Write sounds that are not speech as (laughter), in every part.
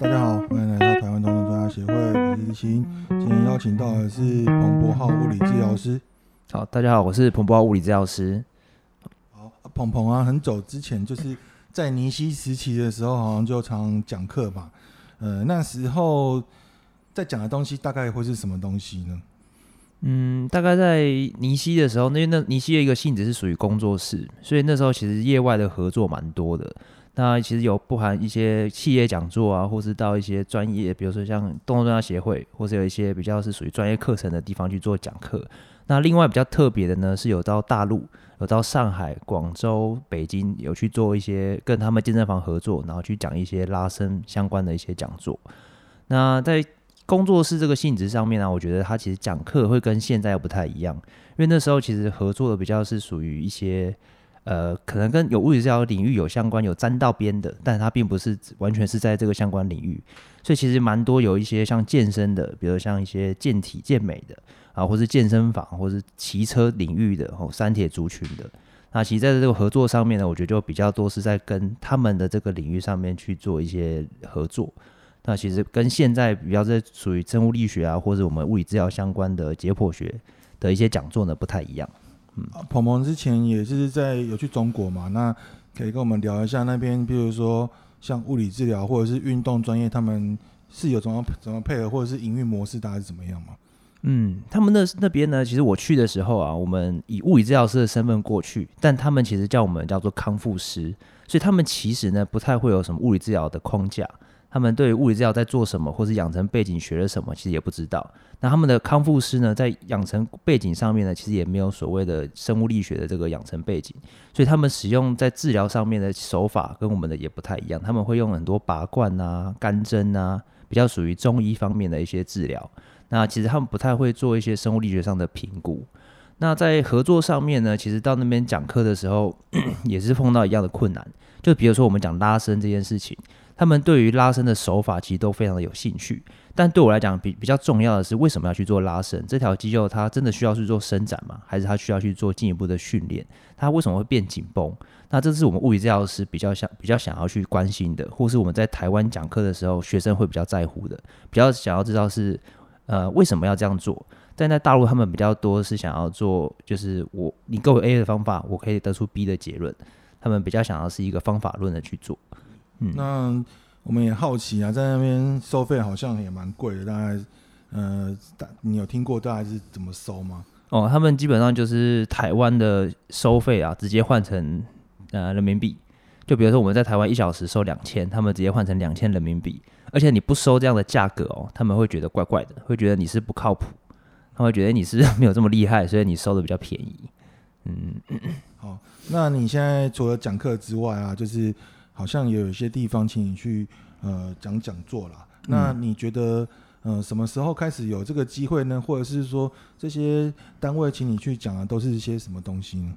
大家好，歡迎來到台灣疼痛專家協會，我是李欣。今天邀請到的是彭柏皓物理治療師。好，大家好，我是彭柏皓物理治療師。好、啊，彭彭啊，很早之前就是在尼西時期的時候，好像就常講課吧。呃，那時候在講的東西大概會是什麼東西呢？嗯，大概在尼西的時候，因為那那尼西的一個性質是屬於工作室，所以那時候其實業外的合作蠻多的。那其實有不含一些企業講座啊，或是到一些專業，比如說像動作專家協會，或是有一些比較是屬於專業課程的地方去做講課。那另外比較特別的呢，是有到大陸，有到上海、廣州、北京，有去做一些跟他們健身房合作，然後去講一些拉伸相關的一些講座。那在工作室這個性質上面呢、啊，我覺得他其實講課會跟現在又不太一樣，因為那時候其實合作的比較是屬於一些。呃，可能跟有物理治療領域有相關、有沾到邊的，但是它並不是完全是在這個相關領域，所以其實蠻多有一些像健身的，比如像一些健體、健美的啊，或是健身房，或是騎車領域的哦，三鐵族群的。那其實在這個合作上面呢，我覺得就比較多是在跟他們的這個領域上面去做一些合作。那其實跟現在比較在屬於生物力學啊，或者我們物理治療相關的解剖學的一些講座呢，不太一樣。彭彭、啊、之前也是在有去中國嘛，那可以跟我們聊一下那邊，比如說像物理治療或者是運動專業，他們是有怎麼怎麼配合，或者是營運模式大概是怎麼樣嗎？嗯，他們那那邊呢，其實我去的時候啊，我們以物理治療師的身份過去，但他們其實叫我們叫做康復師，所以他們其實呢不太會有什麼物理治療的框架。他們對於物理治療在做什麼，或是養成背景學了什麼，其實也不知道。那他們的康復師呢，在養成背景上面呢，其實也沒有所謂的生物力學的這個養成背景，所以他們使用在治療上面的手法跟我們的也不太一樣。他們會用很多拔罐啊、乾針啊，比較屬於中醫方面的一些治療。那其實他們不太會做一些生物力學上的評估。那在合作上面呢，其實到那邊講課的時候， (coughs) 也是碰到一樣的困難。就比如說我們講拉伸這件事情。他們對於拉伸的手法其實都非常的有興趣，但對我來講比比較重要的是為什麼要去做拉伸？這條肌肉它真的需要去做伸展嗎？還是它需要去做進一步的訓練？它為什麼會變緊繃？那這是我們物理治療師比較想比較想要去關心的，或是我們在台灣講課的時候，學生會比較在乎的，比較想要知道是呃為什麼要這樣做？但在大陸他們比較多是想要做，就是我你給我 A 的方法，我可以得出 B 的結論。他們比較想要是一個方法論的去做。嗯，那我們也好奇啊，在那邊收費好像也蠻貴的，大概呃，你有聽過大概是怎麼收嗎？哦，他們基本上就是台灣的收費啊，直接換成呃人民幣。就比如說我們在台灣一小時收兩千，他們直接換成兩千人民幣。而且你不收這樣的價格哦、喔，他們會覺得怪怪的，會覺得你是不靠譜，他們會覺得你是沒有這麼厲害，所以你收的比較便宜。嗯，嗯，好，那你現在除了講課之外啊，就是。好像也有一些地方請你去呃講講座啦，那你覺得、嗯、呃什麼時候開始有這個機會呢？或者是說這些單位請你去講的、啊、都是一些什麼東西呢？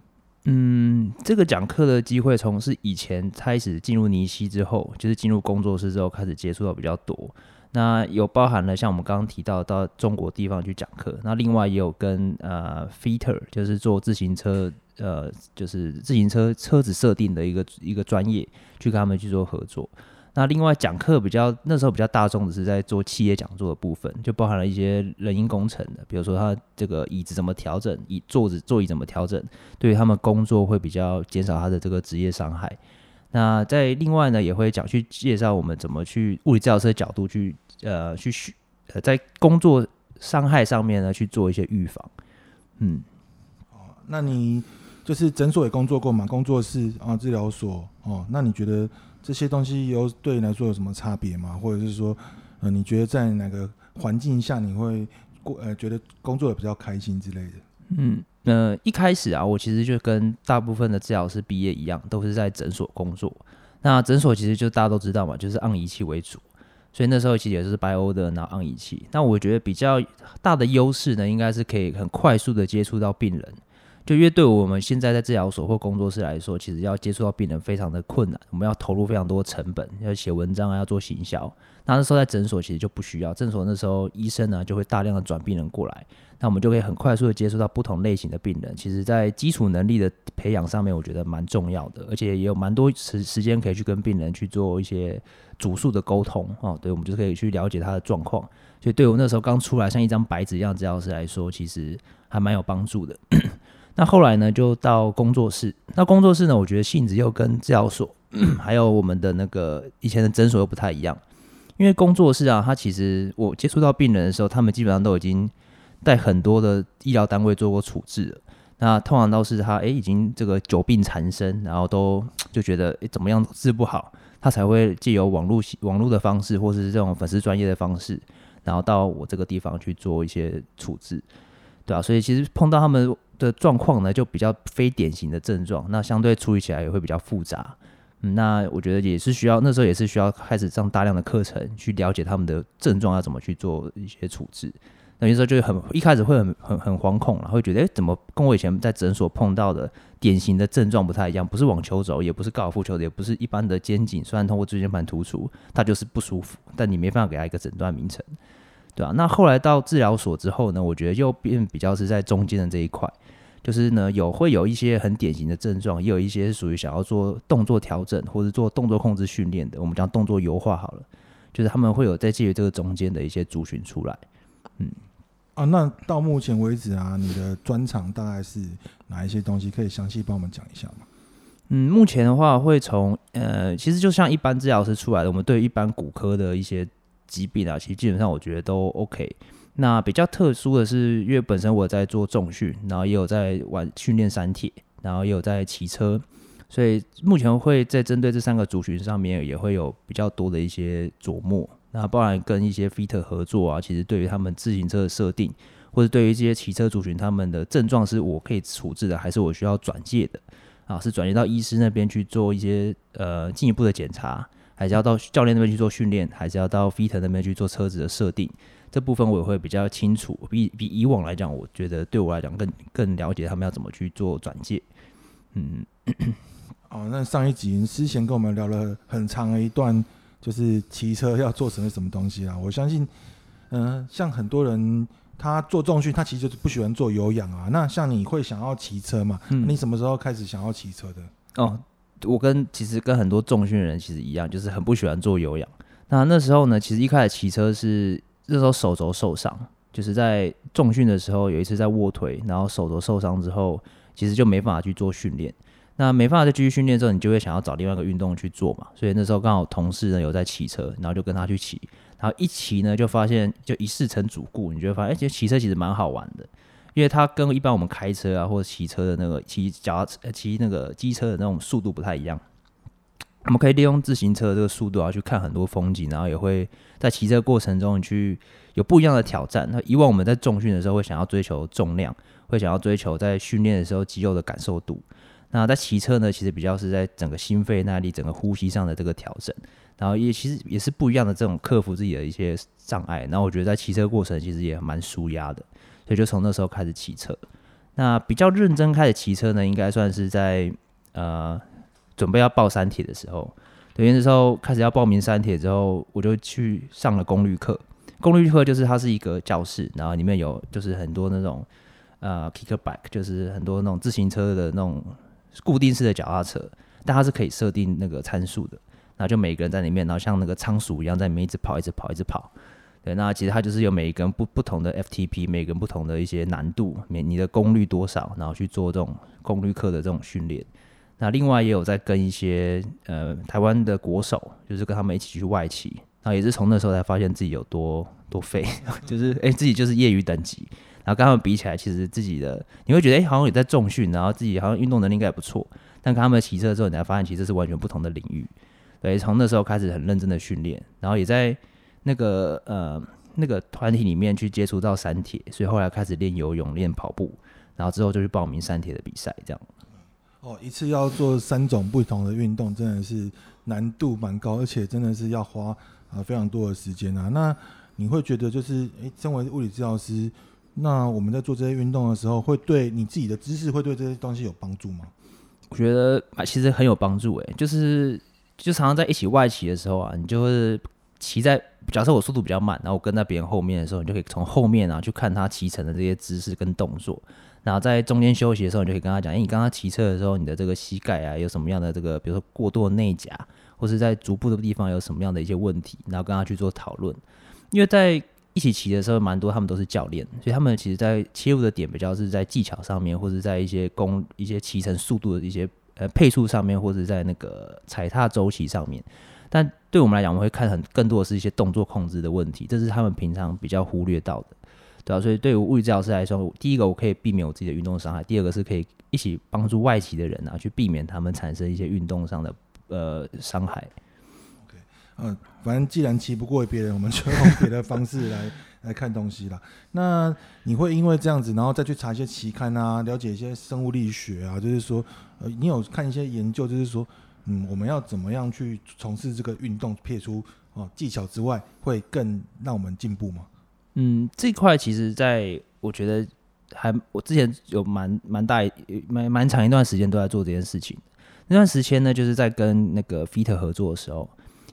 嗯，這個講課的機會從是以前開始進入尼西之後，就是進入工作室之後開始接觸到比較多。那有包含了像我們剛剛提到到中國地方去講課，那另外也有跟呃，Fitter，就是做自行車，呃，就是自行車車子設定的一個一個專業，去跟他們去做合作。那另外講課比較那時候比較大眾的是在做企業講座的部分，就包含了一些人因工程的，比如說他這個椅子怎麼調整，椅座子座椅怎麼調整，對於他們工作會比較減少他的這個職業傷害。那在另外呢，也會講去介紹，我們怎麼去物理治療師的角度去呃，去學呃，在工作傷害上面呢去做一些預防。嗯，哦，那你就是診所也工作過嘛，工作室啊治療所哦，啊，那你覺得這些東西有對你來說有什麼差別嗎？或者是說，嗯、呃，你覺得在哪個環境下你會過呃，覺得工作的比較開心之類的？嗯。呃，那一開始啊，我其實就跟大部分的治療師畢業一樣，都是在診所工作。那診所其實就大家都知道嘛，就是按儀器為主。所以那時候其實也是白歐的，然後按儀器。那我覺得比較大的優勢呢，應該是可以很快速的接觸到病人。就因為對我們現在在治療所或工作室來說，其實要接觸到病人非常的困難，我們要投入非常多成本，要寫文章啊，要做行銷。那，那時候在診所其實就不需要。診所那時候醫生呢，就會大量的轉病人過來，那我們就可以很快速的接觸到不同類型的病人。其實，在基礎能力的培養上面，我覺得蠻重要的，而且也有蠻多時時間可以去跟病人去做一些主訴的溝通哦，對，我們就是可以去了解他的狀況，所以對我那時候剛出來像一張白紙一樣的治療師來說，其實還蠻有幫助的。 (coughs) 那後來呢，就到工作室。那工作室呢，我覺得性質又跟治療所還有我們的那個以前的診所又不太一樣。因為工作室啊，他其實我接觸到病人的時候，他們基本上都已經在很多的醫療單位做過處置了。那通常都是他，誒，已經這個久病纏身，然後都就覺得，誒，怎麼樣治不好，他才會借由網絡網絡的方式，或是這種粉絲專業的方式，然後到我這個地方去做一些處置，對啊，所以其實碰到他們的狀況呢，就比較非典型的症狀，那相對處理起來也會比較複雜。那我覺得也是需要，那時候也是需要開始上大量的課程，去了解他們的症狀要怎麼去做一些處置。等於說就很一開始會很很很惶恐，然後會覺得，誒，怎麼跟我以前在診所碰到的典型的症狀不太一樣？不是網球肘，也不是高爾夫球的，也不是一般的肩頸，雖然通過椎間盤突出，它就是不舒服，但你沒辦法給他一個診斷名稱，對啊。那後來到治療所之後呢，我覺得又變比較是在中間的這一塊。就是呢，有會有一些很典型的症狀，也有一些是屬於想要做動作調整或者做動作控制訓練的，我們講動作優化好了，就是他們會有在介於這個中間的一些族群出來，嗯，啊，那到目前為止啊，你的專長大概是哪一些東西？可以詳細幫我們講一下嗎？嗯，目前的話會從呃，其實就像一般治療師出來的，我們對一般骨科的一些疾病啊，其實基本上我覺得都 OK。那比較特殊的是，因為本身我在做重訓，然後也有在玩訓練三鐵，然後也有在騎車，所以目前會在針對這三個族群上面也會有比較多的一些琢磨。那包含跟一些 Fitter 合作啊，其實對於他們自行車的設定，或者對於這些騎車族群他們的症狀是我可以處置的，還是我需要轉介的啊？是轉介到醫師那邊去做一些呃進一步的檢查。還是要到教練那邊去做訓練，還是要到 Fitter 那邊去做車子的設定。這部分我也會比較清楚，比比以往來講，我覺得對我來講更更了解他們要怎麼去做轉介。嗯，哦，那上一集之前跟我們聊了很長的一段，就是騎車要做什麼什麼東西啦。我相信，嗯、呃，像很多人他做重訓，他其實就是不喜歡做有氧啊。那像你會想要騎車嘛？嗯、你什麼時候開始想要騎車的？哦。我跟其實跟很多重訓的人其實一樣，就是很不喜歡做有氧。那那時候呢，其實一開始騎車是那時候手肘受傷，就是在重訓的時候有一次在臥推，然後手肘受傷之後，其實就沒辦法去做訓練。那沒辦法再繼續訓練之後，你就會想要找另外一個運動去做嘛。所以那時候剛好同事呢有在騎車，然後就跟他去騎，然後一騎呢就發現就一試成主顧，你就會發現哎、欸，其實騎車其實蠻好玩的。因為它跟一般我們開車啊，或者騎車的那個騎腳騎，騎那個機車的那種速度不太一樣，我們可以利用自行車的這個速度啊，去看很多風景，然後也會在騎車過程中你去有不一樣的挑戰。那以往我們在重訓的時候，會想要追求重量，會想要追求在訓練的時候肌肉的感受度。那在騎車呢，其實比較是在整個心肺耐力、整個呼吸上的這個調整，然後也其實也是不一樣的這種克服自己的一些障礙。然後我覺得在騎車過程其實也蠻舒壓的。所以就從那時候開始騎車，那比較認真開始騎車呢，應該算是在呃準備要報三鐵的時候，對，那時候開始要報名三鐵之後，我就去上了功率課。功率課就是它是一個教室，然後裡面有就是很多那種呃 kickback，就是很多那種自行車的那種固定式的腳踏車，但它是可以設定那個參數的。然後就每個人在裡面，然後像那個倉鼠一樣在裡面一直跑，一直跑，一直跑。對，那其實它就是有每一個不不同的 FTP，每一個不同的一些難度，每你的功率多少，然後去做這種功率課的這種訓練。那另外也有在跟一些呃台灣的國手，就是跟他們一起去外騎，然後也是從那時候才發現自己有多多廢，就是哎、欸、自己就是業餘等級，然後跟他們比起來，其實自己的你會覺得哎、欸、好像也在重訓，然後自己好像運動能力應該也不錯，但跟他們騎車之後，你才發現其實是完全不同的領域。對，從那時候開始很認真的訓練，然後也在。那個呃，那個團體裡面去接觸到三鐵，所以後來開始練游泳、練跑步，然後之後就去報名三鐵的比賽，這樣。哦，一次要做三種不同的運動，真的是難度蠻高，而且真的是要花啊、呃、非常多的時間啊。那你會覺得就是，誒、欸，身為物理治療師，那我們在做這些運動的時候，會對你自己的知識，會對這些東西有幫助嗎？我覺得、啊、其實很有幫助、欸，誒。就是就常常在一起外騎的時候啊，你就會、是。騎在假設我速度比較慢，然後我跟在別人後面的時候，你就可以從後面啊去看他騎乘的這些姿勢跟動作。然後在中間休息的時候，你就可以跟他講：誒、欸、你剛剛騎車的時候，你的這個膝蓋啊，有什麼樣的這個，比如說過度內夾，或是在足部的地方有什麼樣的一些問題？然後跟他去做討論。因為在一起騎的時候，蠻多他們都是教練，所以他們其實在切入的點比較是在技巧上面，或者在一些功、一些騎乘速度的一些呃配速上面，或者在那個踩踏週期上面。但對我們來講，我們會看很更多的是一些動作控制的問題，這是他們平常比較忽略到的。對吧、啊？所以對於物理治療師來說，第一個我可以避免我自己的運動傷害，第二個是可以一起幫助外企的人啊，去避免他們產生一些運動上的呃傷害。嗯、okay, 呃，反正既然騎不過別人，我們就用別的方式 (laughs) 來來看東西啦。那你會因為這樣子，然後再去查一些期刊啊，了解一些生物力學啊，就是說，呃，你有看一些研究，就是說。嗯，我們要怎麼樣去從事這個運動，撇出啊、哦、技巧之外，會更讓我們進步嗎？嗯，這塊其實，在我覺得還我之前有蠻蠻大、蠻蠻長一段時間都在做這件事情。那段時間呢，就是在跟那個 Fit 合作的時候，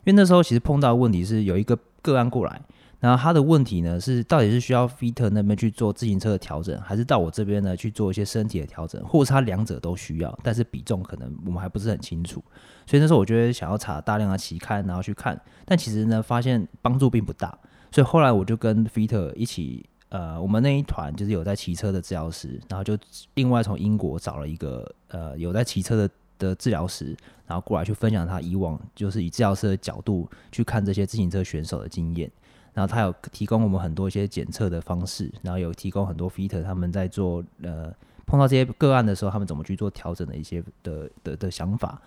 因為那時候其實碰到問題是有一個個案過來。然後他的問題呢是，到底是需要菲特那邊去做自行車的調整，還是到我這邊呢去做一些身體的調整，或者是他兩者都需要，但是比重可能我們還不是很清楚。所以那時候我覺得想要查大量的期刊，然後去看，但其實呢發現幫助並不大。所以後來我就跟菲特一起，呃，我們那一團就是有在騎車的治療師，然後就另外從英國找了一個呃有在騎車的的治療師，然後過來去分享他以往就是以治療師的角度去看這些自行車選手的經驗。然後它有提供我們很多一些檢測的方式，然後有提供很多 fitter 他們在做呃碰到這些個案的時候，他們怎麼去做調整的一些的的的，的想法，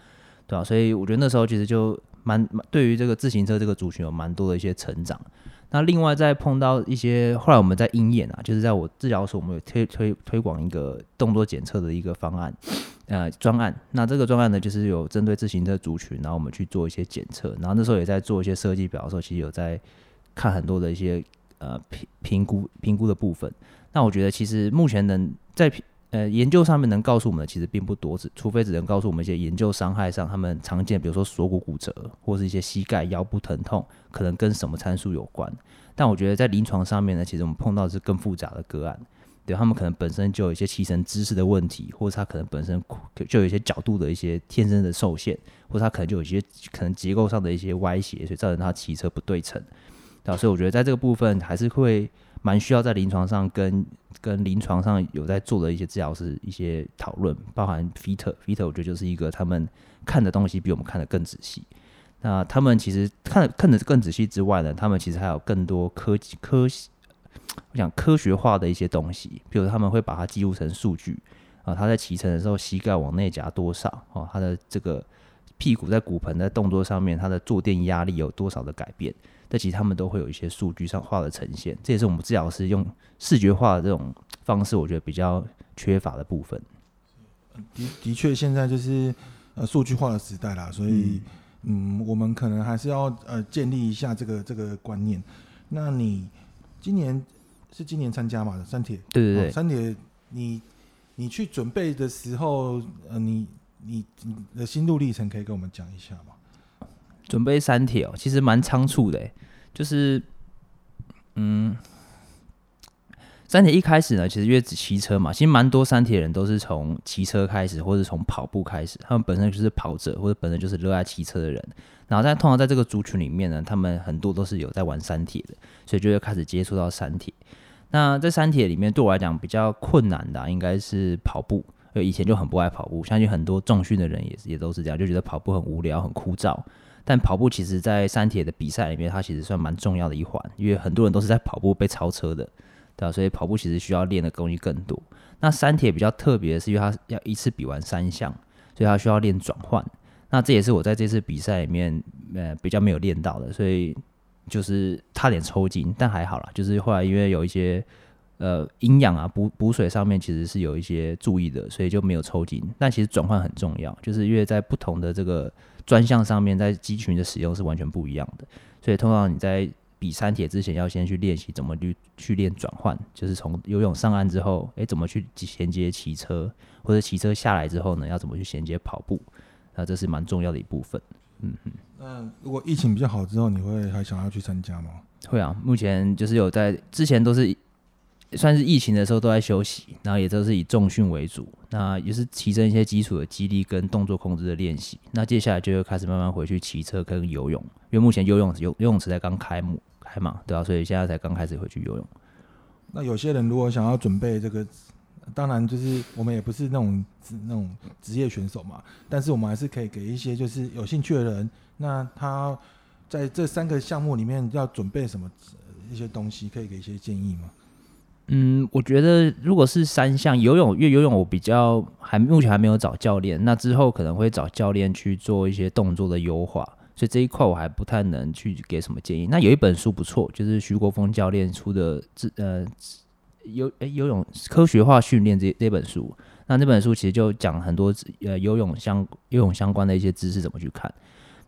對吧，啊？所以我覺得那時候其實就蠻對於這個自行車這個族群有蠻多的一些成長。那另外再碰到一些後來我們在鷹眼啊，就是在我治療的時候，我們有推推推廣一個動作檢測的一個方案，呃專案。那這個專案呢，就是有針對自行車族群，然後我們去做一些檢測，然後那時候也在做一些設計表的時候，其實有在，看很多的一些呃評評估評估的部分，那我覺得其實目前能在評呃研究上面能告訴我們的其實並不多，只除非只能告訴我們一些研究傷害上他們常見，比如說鎖骨骨折或是一些膝蓋腰部疼痛可能跟什麼參數有關。但我覺得在臨床上面呢，其實我們碰到的是更複雜的個案，對他們可能本身就有一些騎乘姿勢的問題，或者他可能本身就有一些角度的一些天生的受限，或者他可能就有一些可能結構上的一些歪斜，所以造成他騎車不對稱。老所以我覺得在這個部分還是會蠻需要在臨床上跟跟臨床上有在做的一些治療師一些討論，包含 fitter，fitter 我覺得就是一個他們看的東西比我們看的更仔細。那他們其實看看的更仔細之外呢，他們其實還有更多科技科學，我想科學化的一些東西，比如他們會把它記錄成數據啊，他在騎乘的時候膝蓋往內夾多少啊，他的這個。屁股在骨盆在動作上面，它的坐墊壓力有多少的改變？但其實他們都會有一些數據上化的呈現，這也是我們治療師用視覺化的這種方式，我覺得比較缺乏的部分的。的的確，現在就是呃數據化的時代啦，所以嗯，嗯，我們可能還是要呃建立一下這個這個觀念。那你今年是今年參加嗎？三鐵？對對對，嗯，三鐵，你你去準備的時候，呃你。你你的心路歷程可以跟我們講一下嗎？準備三鐵哦、喔，其實蠻倉促的、欸，就是嗯，三鐵一開始呢，其實因為騎車嘛，其實蠻多三鐵的人都是從騎車開始，或者從跑步開始，他們本身就是跑者，或者本身就是熱愛騎車的人。然後在通常在這個族群裡面呢，他們很多都是有在玩三鐵的，所以就會開始接觸到三鐵。那在三鐵裡面，對我來講比較困難的、啊、應該是跑步。就以前就很不愛跑步，相信很多重訓的人也也都是這樣，就覺得跑步很無聊、很枯燥。但跑步其實，在三鐵的比賽裡面，它其實算蠻重要的一環，因為很多人都是在跑步被超車的，對啊，所以跑步其實需要練的東西更多。那三鐵比較特別的是，因為它要一次比完三項，所以它需要練轉換。那這也是我在這次比賽裡面，呃，比較沒有練到的，所以就是差點抽筋，但還好啦，就是後來因為有一些。呃，營養啊，補補水上面其實是有一些注意的，所以就沒有抽筋。但其實轉換很重要，就是因為在不同的這個專項上面，在肌群的使用是完全不一樣的。所以通常你在比三鐵之前，要先去練習怎麼去去練轉換，就是從游泳上岸之後，哎、欸，怎麼去銜接騎車，或者騎車下來之後呢，要怎麼去銜接跑步？那這是蠻重要的一部分。嗯嗯。那如果疫情比較好之後，你會還想要去參加嗎？會啊，目前就是有在，之前都是。算是疫情的時候都在休息，然後也都是以重訓為主，那也是提升一些基礎的肌力跟動作控制的練習。那接下來就會開始慢慢回去騎車跟游泳，因為目前游泳游游泳池才剛開幕開嘛，對啊。所以現在才剛開始回去游泳。那有些人如果想要準備這個，當然就是我們也不是那種那種職業選手嘛，但是我們還是可以給一些就是有興趣的人，那他在這三個項目裡面要準備什麼一些東西，可以給一些建議嗎？嗯，我覺得如果是三項游泳，因為游泳我比較還目前還沒有找教練，那之後可能會找教練去做一些動作的優化，所以這一塊我還不太能去給什麼建議。那有一本書不錯，就是徐國峰教練出的自呃游誒、欸、游泳科學化訓練這這本書，那這本書其實就講很多呃游泳相游泳相關的一些知識怎麼去看。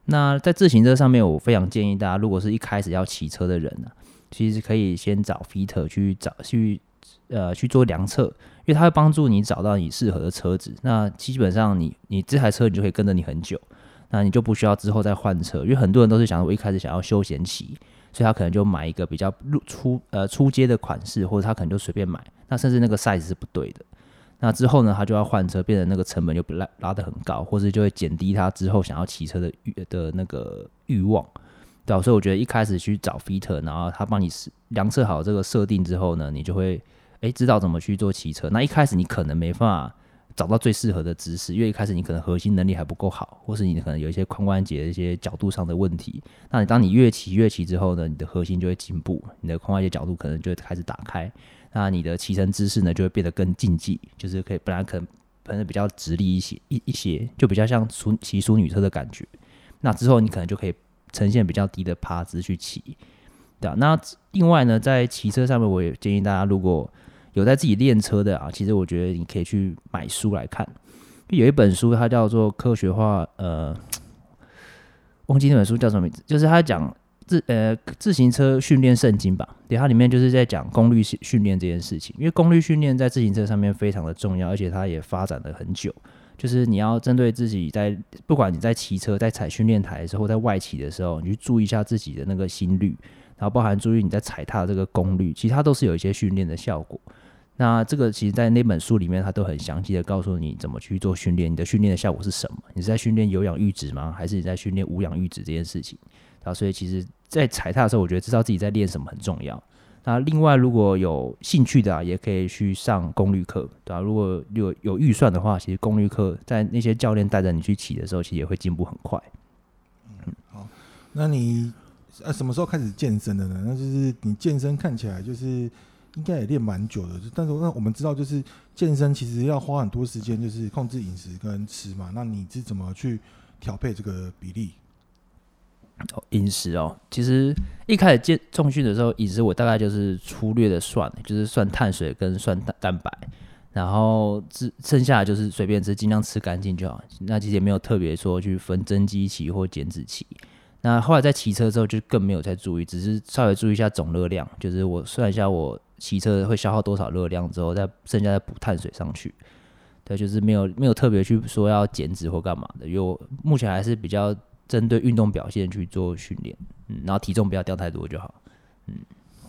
那在自行車上面，我非常建議大家，如果是一開始要騎車的人呢、啊。其實可以先找 fitter 去找去呃去做量測，因為它會幫助你找到你適合的車子。那基本上你你這台車你就可以跟着你很久，那你就不需要之後再換車。因為很多人都是想，我一開始想要休閒騎，所以他可能就買一個比較初呃初階的款式，或者他可能就隨便買。那甚至那個 size 是不對的。那之後呢，他就要換車，變成那個成本就拉拉的很高，或者就會減低他之後想要騎車的慾的那個慾望。對啊，所以我覺得一開始去找 fitter，然後他幫你量測好這個設定之後呢，你就會哎知道怎麼去做騎車。那一開始你可能沒辦法找到最適合的姿勢，因為一開始你可能核心能力還不夠好，或是你可能有一些髖關節的一些角度上的問題。那你當你越騎越騎之後呢，你的核心就會進步，你的髖關節角度可能就會開始打開。那你的騎乘姿勢呢，就會變得更競技，就是可以本來可能本來比較直立一些一一些，就比較像淑騎淑女車的感覺。那之後你可能就可以。呈現比較低的趴姿去騎，對啊。那另外呢，在騎車上面，我也建議大家，如果有在自己練車的啊，其實我覺得你可以去買書來看。有一本書，它叫做《科學化》，呃，忘記這本書叫什麼名字，就是它講自呃自行車訓練聖經吧。對，它裡面就是在講功率訓練這件事情，因為功率訓練在自行車上面非常的重要，而且它也發展了很久。就是你要針對自己在，不管你在騎車、在踩訓練台的時候、在外騎的時候，你去注意一下自己的那個心率，然後包含注意你在踩踏這個功率，其他都是有一些訓練的效果。那這個其實，在那本書裡面，它都很詳細的告訴你怎麼去做訓練，你的訓練的效果是什麼？你是在訓練有氧閾值嗎？還是你在訓練無氧閾值這件事情？然後，所以其實，在踩踏的時候，我覺得知道自己在練什麼很重要。那、啊、另外，如果有興趣的、啊，也可以去上功率課，對啊，如果有有預算的話，其實功率課在那些教練帶着你去騎的時候，其實也會進步很快、嗯。好，那你呃、啊、什麼時候開始健身的呢？那就是你健身看起來就是應該也練蠻久的，但是那我們知道，就是健身其實要花很多時間，就是控制飲食跟吃嘛。那你是怎麼去調配這個比例？哦，飲食哦，其實一開始健重訓的時候，飲食我大概就是粗略的算，就是算碳水跟算蛋蛋白，然後只剩下就是隨便吃，儘量吃乾淨就好。那其實也沒有特別說去分增肌期或減脂期。那後來在騎車之後，就更沒有再注意，只是稍微注意一下總熱量，就是我算一下我騎車會消耗多少熱量之後，再剩下再補碳水上去。對，就是沒有沒有特別去說要減脂或幹嘛的，因為我目前還是比較。針對運動表現去做訓練，嗯，然後體重不要掉太多就好，嗯。哦，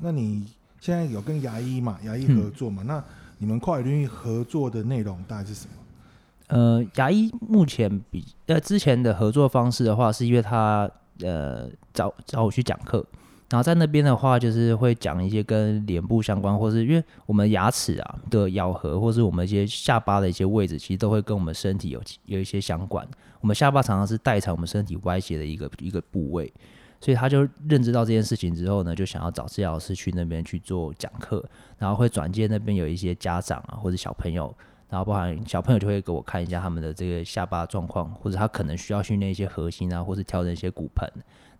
那你現在有跟牙醫嘛？牙醫合作嘛？嗯。那你們跨領域合作的內容大概是什麼？呃，牙醫目前比呃之前的合作方式的話，是因為他呃找找我去講課。然後在那邊的話，就是會講一些跟臉部相關，或是因為我們牙齒啊的咬合，或是我們一些下巴的一些位置，其實都會跟我們身體有有一些相關。我們下巴常常是代償我們身體歪斜的一個一個部位，所以他就認知到這件事情之後呢，就想要找治療師去那邊去做講課，然後會轉介那邊有一些家長啊或者小朋友，然後包含小朋友就會給我看一下他們的這個下巴狀況，或者他可能需要訓練一些核心啊，或者調整一些骨盆。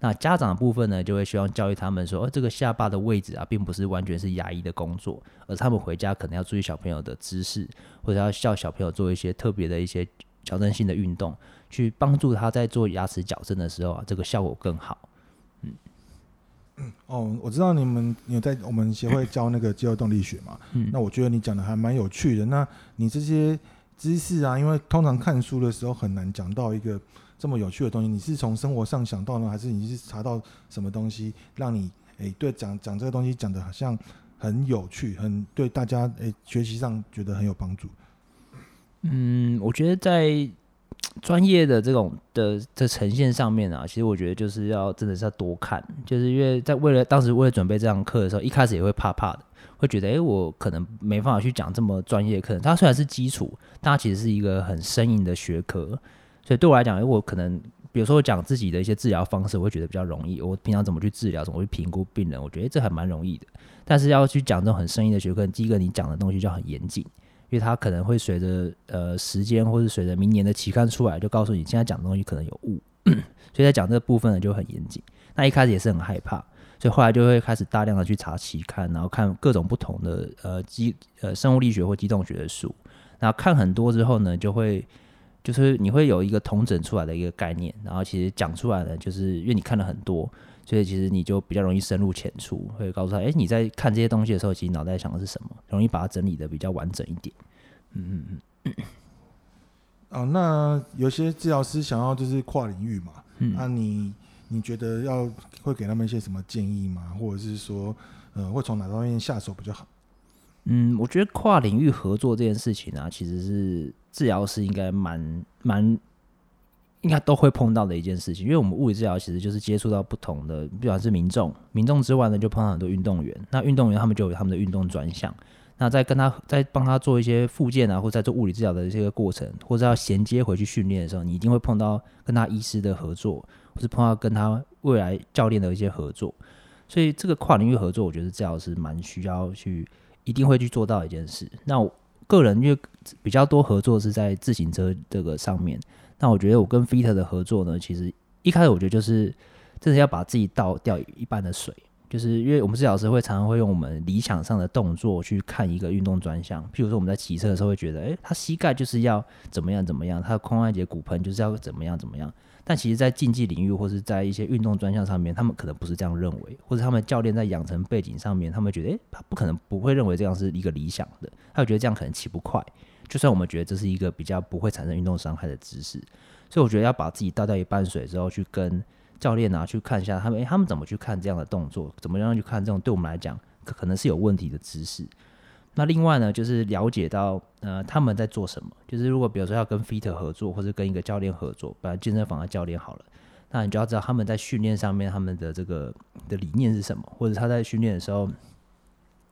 那家長的部分呢，就會希望教育他們說，哦，這個下巴的位置啊，並不是完全是牙醫的工作，而是他們回家可能要注意小朋友的姿勢，或者要教小朋友做一些特別的一些矯正性的運動，去幫助他在做牙齒矯正的時候啊，這個效果更好。嗯，哦，我知道你們你有在我們協會教那個肌肉動力學嘛？嗯，那我覺得你講的還蠻有趣的。那你這些姿勢啊，因為通常看書的時候很難講到一個。這麼有趣的東西，你是從生活上想到呢，還是你是查到什麼東西讓你誒、欸、對，講講這個東西講的好像很有趣，很對大家誒、欸、學習上覺得很有幫助。嗯，我覺得在專業的這種的的，的呈現上面啊，其實我覺得就是要真的是要多看，就是因為在為了當時為了準備這堂課的時候，一開始也會怕怕的，會覺得哎、欸、我可能沒辦法去講這麼專業課。它雖然是基礎，但它其實是一個很生硬的學科。所以對我來講，如果可能，比如說我講自己的一些治療方式，我會覺得比較容易。我平常怎麼去治療，怎麼去評估病人，我覺得這還蠻容易的。但是要去講這種很生硬的學科，第一個你講的東西就很嚴謹，因為它可能會隨着呃時間，或是隨着明年的期刊出來，就告訴你現在講的東西可能有誤。 (coughs) 所以在講這個部分呢就很嚴謹。那一開始也是很害怕，所以後來就會開始大量的去查期刊，然後看各種不同的呃機呃生物力學或機動學的書。然後看很多之後呢，就會。就是你會有一個統整出來的一個概念，然後其實講出來呢，就是因為你看了很多，所以其實你就比較容易深入淺出，會告訴他：哎，你在看這些東西的時候，其實腦袋想的是什麼，容易把它整理得比較完整一點。嗯嗯嗯、哦。那有些治療師想要就是跨領域嘛，嗯，那、啊、你你覺得要會給他們一些什麼建議嗎？或者是說，呃，會從哪方面下手比較好？嗯，我覺得跨領域合作這件事情啊，其實是。治療師應該蠻蠻應該都會碰到的一件事情，因為我們物理治療其實就是接觸到不同的，不管是民眾，民眾之外呢，就碰到很多運動員。那運動員他們就有他們的運動專項，那在跟他、在幫他做一些復健啊，或在做物理治療的一些過程，或者要銜接回去訓練的時候，你一定會碰到跟他醫師的合作，或是碰到跟他未來教練的一些合作。所以這個跨領域合作，我覺得治療師蠻需要去，一定會去做到一件事。那。個人，因為比較多合作是在自行車這個上面，那我覺得我跟菲特的合作呢，其實一開始我覺得就是真的要把自己倒掉一半的水，就是因為我們治療師會常常會用我們理想上的動作去看一個運動專項，譬如說我們在騎車的時候會覺得，誒、欸，他膝蓋就是要怎麼樣怎麼樣，他的髖關節、骨盆就是要怎麼樣怎麼樣。但其實，在競技領域或是在一些運動專項上面，他們可能不是這樣認為，或者他們教練在養成背景上面，他們覺得，誒、欸，他不可能不會認為這樣是一個理想的，他覺得這樣可能騎不快。就算我們覺得這是一個比較不會產生運動傷害的姿勢，所以我覺得要把自己倒掉一半水之後，去跟教練啊去看一下他們，誒、欸，他們怎麼去看這樣的動作，怎麼樣去看這種對我們來講可，可能是有問題的姿勢。那另外呢，就是了解到呃他們在做什麼，就是如果比如說要跟 f e t 合作，或者跟一個教練合作，把健身房的教練好了，那你就要知道他們在訓練上面他們的這個的理念是什麼，或者他在訓練的時候，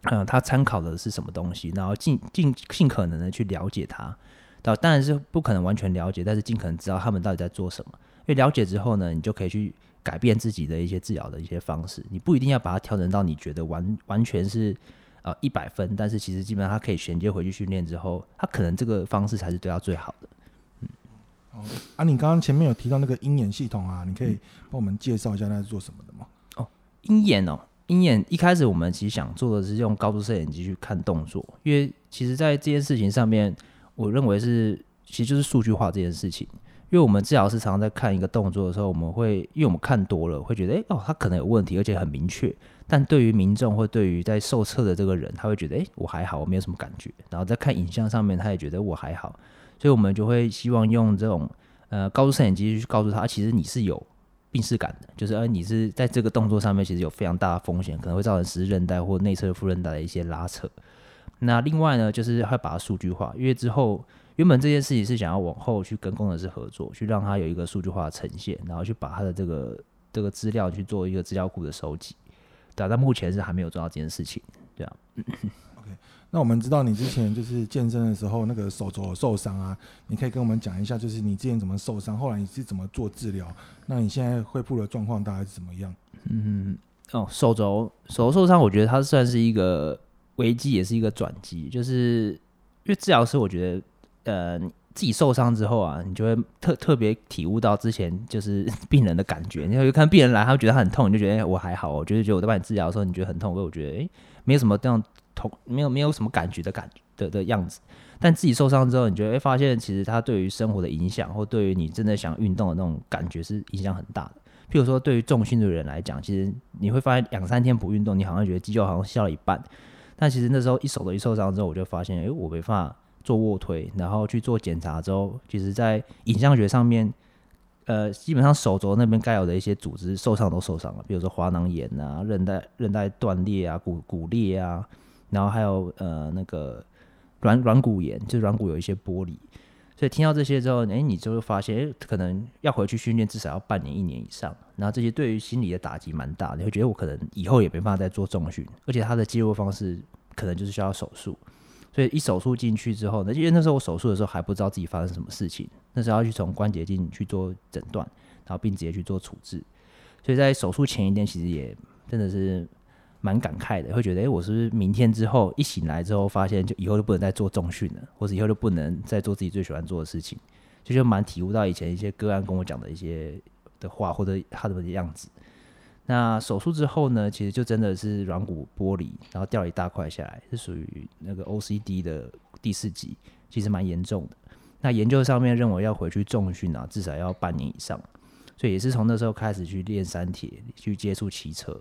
嗯、呃，他參考的是什麼東西，然後盡盡盡，盡可能的去了解他，當然，是不可能完全了解，但是盡可能知道他們到底在做什麼。因為了解之後呢，你就可以去改變自己的一些治療的一些方式，你不一定要把它調整到你覺得完完全是，啊，一百分，但是其實基本上他可以銜接回去訓練之後，他可能這個方式才是對他最好的。嗯，哦，啊，你剛剛前面有提到那個鷹眼系統啊，你可以幫我們介紹一下那是做什麼的嗎？哦，鷹眼哦，鷹眼一開始我們其實想做的是用高度攝影機去看動作，因為其實在這件事情上面，我認為是其實就是數據化這件事情，因為我們治療師常常在看一個動作的時候，我們會因為我們看多了會覺得，哎、欸，哦，他可能有問題，而且很明確。但對於民眾或對於在受測的這個人，他會覺得，哎、欸，我還好，我沒有什麼感覺。然後在看影像上面，他也覺得我還好。所以我們就會希望用這種呃高速攝影機去告訴他，其實你是有病識感的，就是，而、呃、你是在這個動作上面其實有非常大的風險，可能會造成十字韌帶或內側副韌帶的一些拉扯。那另外呢，就是會把它數據化，因為之後原本這件事情是想要往後去跟工程師合作，去讓他有一個數據化的呈現，然後去把他的這個這個資料去做一個資料庫的收集。啊，但到目前是還沒有做到這件事情，對啊。 (laughs) OK，那我們知道你之前就是健身的時候那個手肘受傷啊，你可以跟我們講一下，就是你之前怎麼受傷，後來你是怎麼做治療？那你現在恢復的狀況大概是怎麼樣？嗯，哦，手肘手肘受傷，受傷我覺得它算是一個危機，也是一個轉機，就是因為治療師，我覺得，呃。自己受傷之後啊，你就會特特別體悟到之前就是病人的感覺。你看，病人來，他會覺得很痛，你就覺得、欸、我還好，我覺得我在幫你治療的時候，你覺得很痛，所以我覺得誒、欸，沒有什麼這樣痛，沒有沒有什麼感覺的感的的樣子。但自己受傷之後，你就會發現，其實它對於生活的影響，或對於你真的想運動的那種感覺是影響很大的。譬如說，對於重訓的人來講，其實你會發現兩三天不運動，你好像覺得肌肉好像消了一半。但其實那時候一手頭一受傷之後，我就發現，誒、欸，我沒法做臥推，然後去做檢查之後，其實在影像學上面，呃，基本上手肘那邊該有的一些組織受傷都受傷了，比如說滑囊炎啊、韌帶韌帶斷裂啊、骨骨裂啊，然後還有呃那個軟軟骨炎，就是軟骨有一些剝離。所以聽到這些之後，哎，你就會發現，哎，可能要回去訓練至少要半年一年以上。然後這些對於心理的打擊蠻大的，你會覺得我可能以後也沒辦法再做重訓，而且他的肌肉方式可能就是需要手術。所以一手術進去之後呢，因為那時候我手術的時候還不知道自己發生什麼事情，那時候要去從關節鏡去做診斷，然後並直接去做處置。所以在手術前一天，其實也真的是蠻感慨的，會覺得：誒、欸，我是不是明天之後一醒來之後，發現就以後就不能再做重訓了，或者以後就不能再做自己最喜歡做的事情？就就蠻體悟到以前一些個案跟我講的一些的話，或者他的樣子。那手術之後呢？其實就真的是軟骨剝離，然後掉了一大塊下來，是屬於那個 OCD 的第四級，其實蠻嚴重的。那研究上面認為要回去重訓啊，至少要半年以上，所以也是從那時候開始去練三鐵，去接觸騎車。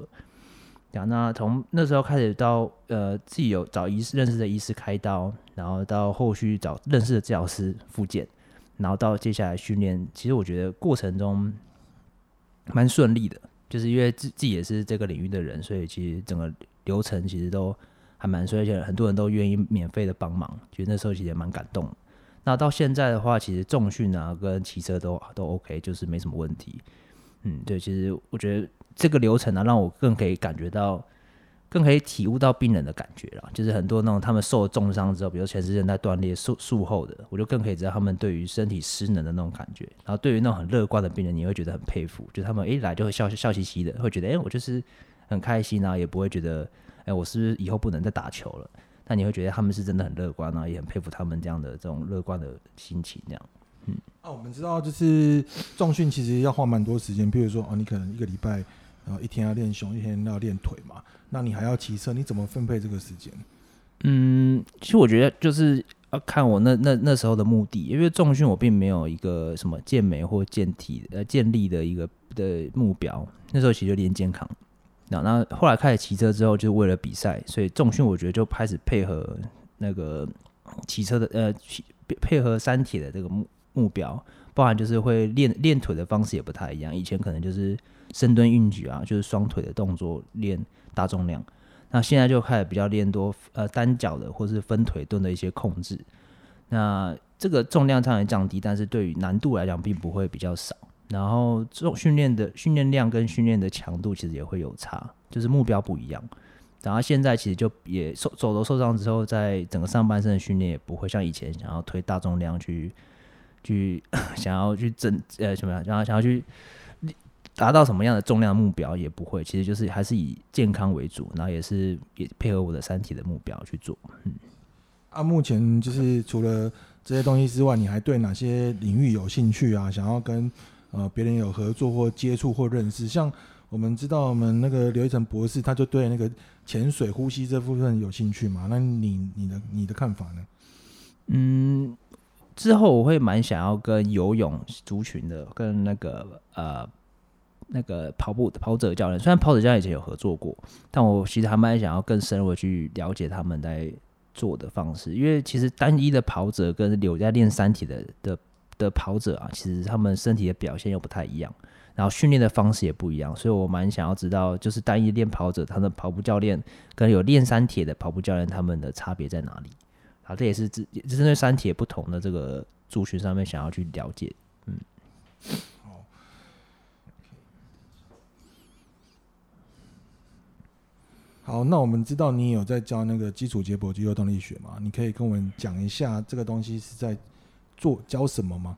啊，那從那時候開始到呃，自己有找醫師認識的醫師開刀，然後到後續找認識的治療師復健，然後到接下來訓練，其實我覺得過程中蠻順利的。就是因為自自己也是這個領域的人，所以其實整個流程其實都還蠻所以很多人都願意免費的幫忙，就那時候其實也蠻感動。那到現在的話，其實重訓啊跟騎車都都 OK，就是沒什麼問題。嗯，對，其實我覺得這個流程呢、啊，讓我更可以感覺到。更可以體悟到病人的感覺了，就是很多那種他們受了重傷之後，比如前十字韌帶斷裂、術術後的，我就更可以知道他們對於身體失能的那種感覺。然後對於那種很樂觀的病人，你會覺得很佩服，就他們一來就會笑笑嘻嘻的，會覺得哎、欸、我就是很開心啊，也不會覺得哎、欸、我是不是以後不能再打球了？那你會覺得他們是真的很樂觀啊，也很佩服他們這樣的這種樂觀的心情這樣。嗯，那、啊、我們知道就是重訓其實要花蠻多時間，譬如說啊、哦、你可能一個禮拜。然後一天要練胸，一天要練腿嘛？那你還要騎車，你怎麼分配這個時間？嗯，其實我覺得就是要看我那那那時候的目的，因為重訓我並沒有一個什麼健美或健體呃健力的一個的目標。那時候其實就練健康。然後那後來開始騎車之後，就是為了比賽，所以重訓我覺得就開始配合那個騎車的呃配合三鐵的這個目目標，包含就是會練練腿的方式也不太一樣，以前可能就是。深蹲、硬舉啊，就是雙腿的動作練大重量。那現在就開始比較練多呃單腳的或是分腿蹲的一些控制。那這個重量差點降低，但是對於難度來講並不會比較少。然後這種訓練的訓練量跟訓練的強度其實也會有差，就是目標不一樣。然後現在其實就也受手手肘受傷之後，在整個上半身的訓練也不會像以前想要推大重量去去想要去整呃什麼，然後想要去，達到什麼樣的重量目標也不會，其實就是還是以健康為主，然後也是也配合我的身體的目標去做。嗯，啊，目前就是除了這些東西之外，你還對哪些領域有興趣啊？想要跟呃別人有合作或接觸或認識？像我們知道我們那個劉一成博士，他就對那個潛水呼吸這部分有興趣嘛？那你你的你的看法呢？嗯，之後我會蠻想要跟游泳族群的，跟那個呃。那個跑步的跑者教練，雖然跑者教練以前有合作過，但我其實還蠻想要更深入地去了解他們在做的方式，因為其實單一的跑者跟有在練三鐵的的的跑者啊，其實他們身體的表現又不太一樣，然後訓練的方式也不一樣，所以我蠻想要知道，就是單一練跑者他的跑步教練跟有練三鐵的跑步教練，他們的差別在哪裡啊？這也是只針對三鐵不同的這個族群上面想要去了解，嗯。好，那我們知道你有在教那個基礎解剖肌肉動力學嗎？你可以跟我們講一下這個東西是在做教什麼嗎？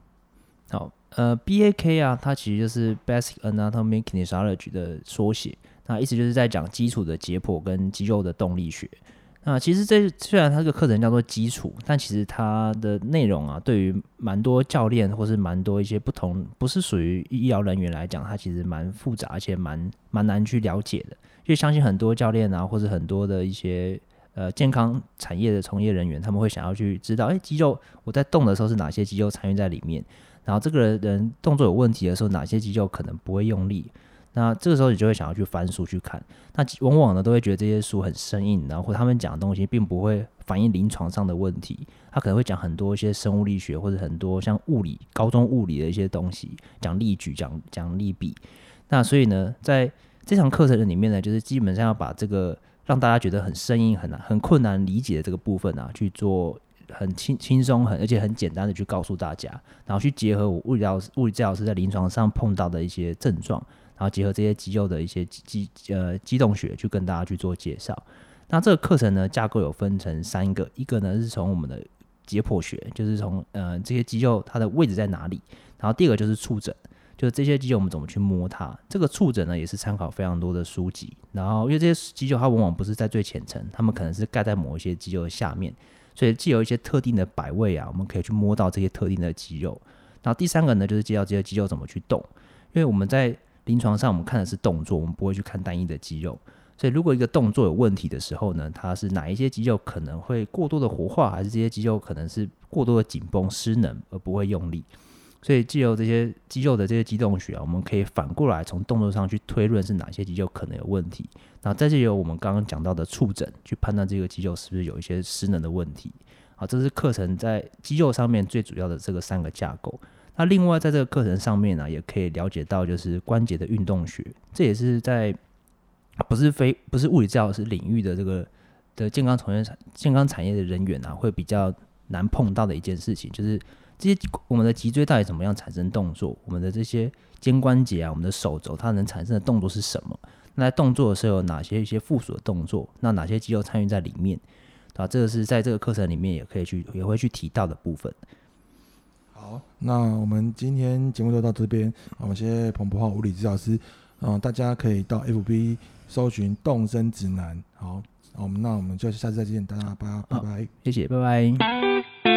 好，呃，B A K 啊，它其實就是 Basic Anatomy and Kinesiology 的縮寫，那意思就是在講基礎的解剖跟肌肉的動力學。那其實這雖然它這個課程叫做基礎，但其實它的內容啊，對於蠻多教練或是蠻多一些不同，不是屬於醫療人員來講，它其實蠻複雜而且蠻蠻難去了解的。就相信很多教練啊，或者很多的一些呃健康產業的從業人員，他們會想要去知道，誒、欸，肌肉我在動的時候是哪些肌肉參與在裡面？然後這個人，人動作有問題的時候，哪些肌肉可能不會用力？那這個時候你就會想要去翻書去看。那往往呢，都會覺得這些書很生硬，然後他們講的東西並不會反映臨床上的問題。他可能會講很多一些生物力學或者很多像物理高中物理的一些東西，講力矩、講講力比。那所以呢，在這堂課程的裡面呢，就是基本上要把這個讓大家覺得很生硬、很難、很困難理解的這個部分啊，去做很輕輕鬆、很而且很簡單的去告訴大家，然後去結合我物理老師、物理治療師在臨床上碰到的一些症狀，然後結合這些肌肉的一些肌呃肌動學，去跟大家去做介紹。那這個課程呢，架構有分成三個，一個呢是從我們的解剖學，就是從呃這些肌肉它的位置在哪裡，然後第二個就是觸診。就是這些肌肉，我們怎麼去摸它？這個觸診呢，也是參考非常多的書籍。然後，因為這些肌肉它往往不是在最淺層，它們可能是蓋在某一些肌肉的下面，所以既有一些特定的擺位啊，我們可以去摸到這些特定的肌肉。然後第三個呢，就是介紹這些肌肉怎麼去動。因為我們在臨床上，我們看的是動作，我們不會去看單一的肌肉。所以如果一個動作有問題的時候呢，它是哪一些肌肉可能會過多的活化，還是這些肌肉可能是過多的緊繃、失能而不會用力？所以，藉由這些肌肉的這些肌動學啊，我們可以反過來從動作上去推論是哪些肌肉可能有問題。然後，再借由我們剛剛講到的觸診，去判斷這個肌肉是不是有一些失能的問題。好，這是課程在肌肉上面最主要的這個三個架構。那另外，在這個課程上面呢、啊，也可以了解到就是關節的運動學，這也是在不是非不是物理治療師領域的這個的健康從業健康產業的人員啊，會比較難碰到的一件事情，就是。這些我們的脊椎到底怎麼樣產生動作？我們的這些肩關節啊，我們的手肘它能產生的動作是什麼？那在動作的時候有哪些一些附屬的動作？那哪些肌肉參與在裡面？對啊，這個是在這個課程裡面也可以去也會去提到的部分。好，那我們今天節目就到這邊。嗯、我們謝謝彭柏皓物理治療師。呃、嗯，大家可以到 FB 搜尋動身指南。好，我、嗯、們那我們就下次再見，大家拜拜，謝謝，拜拜。嗯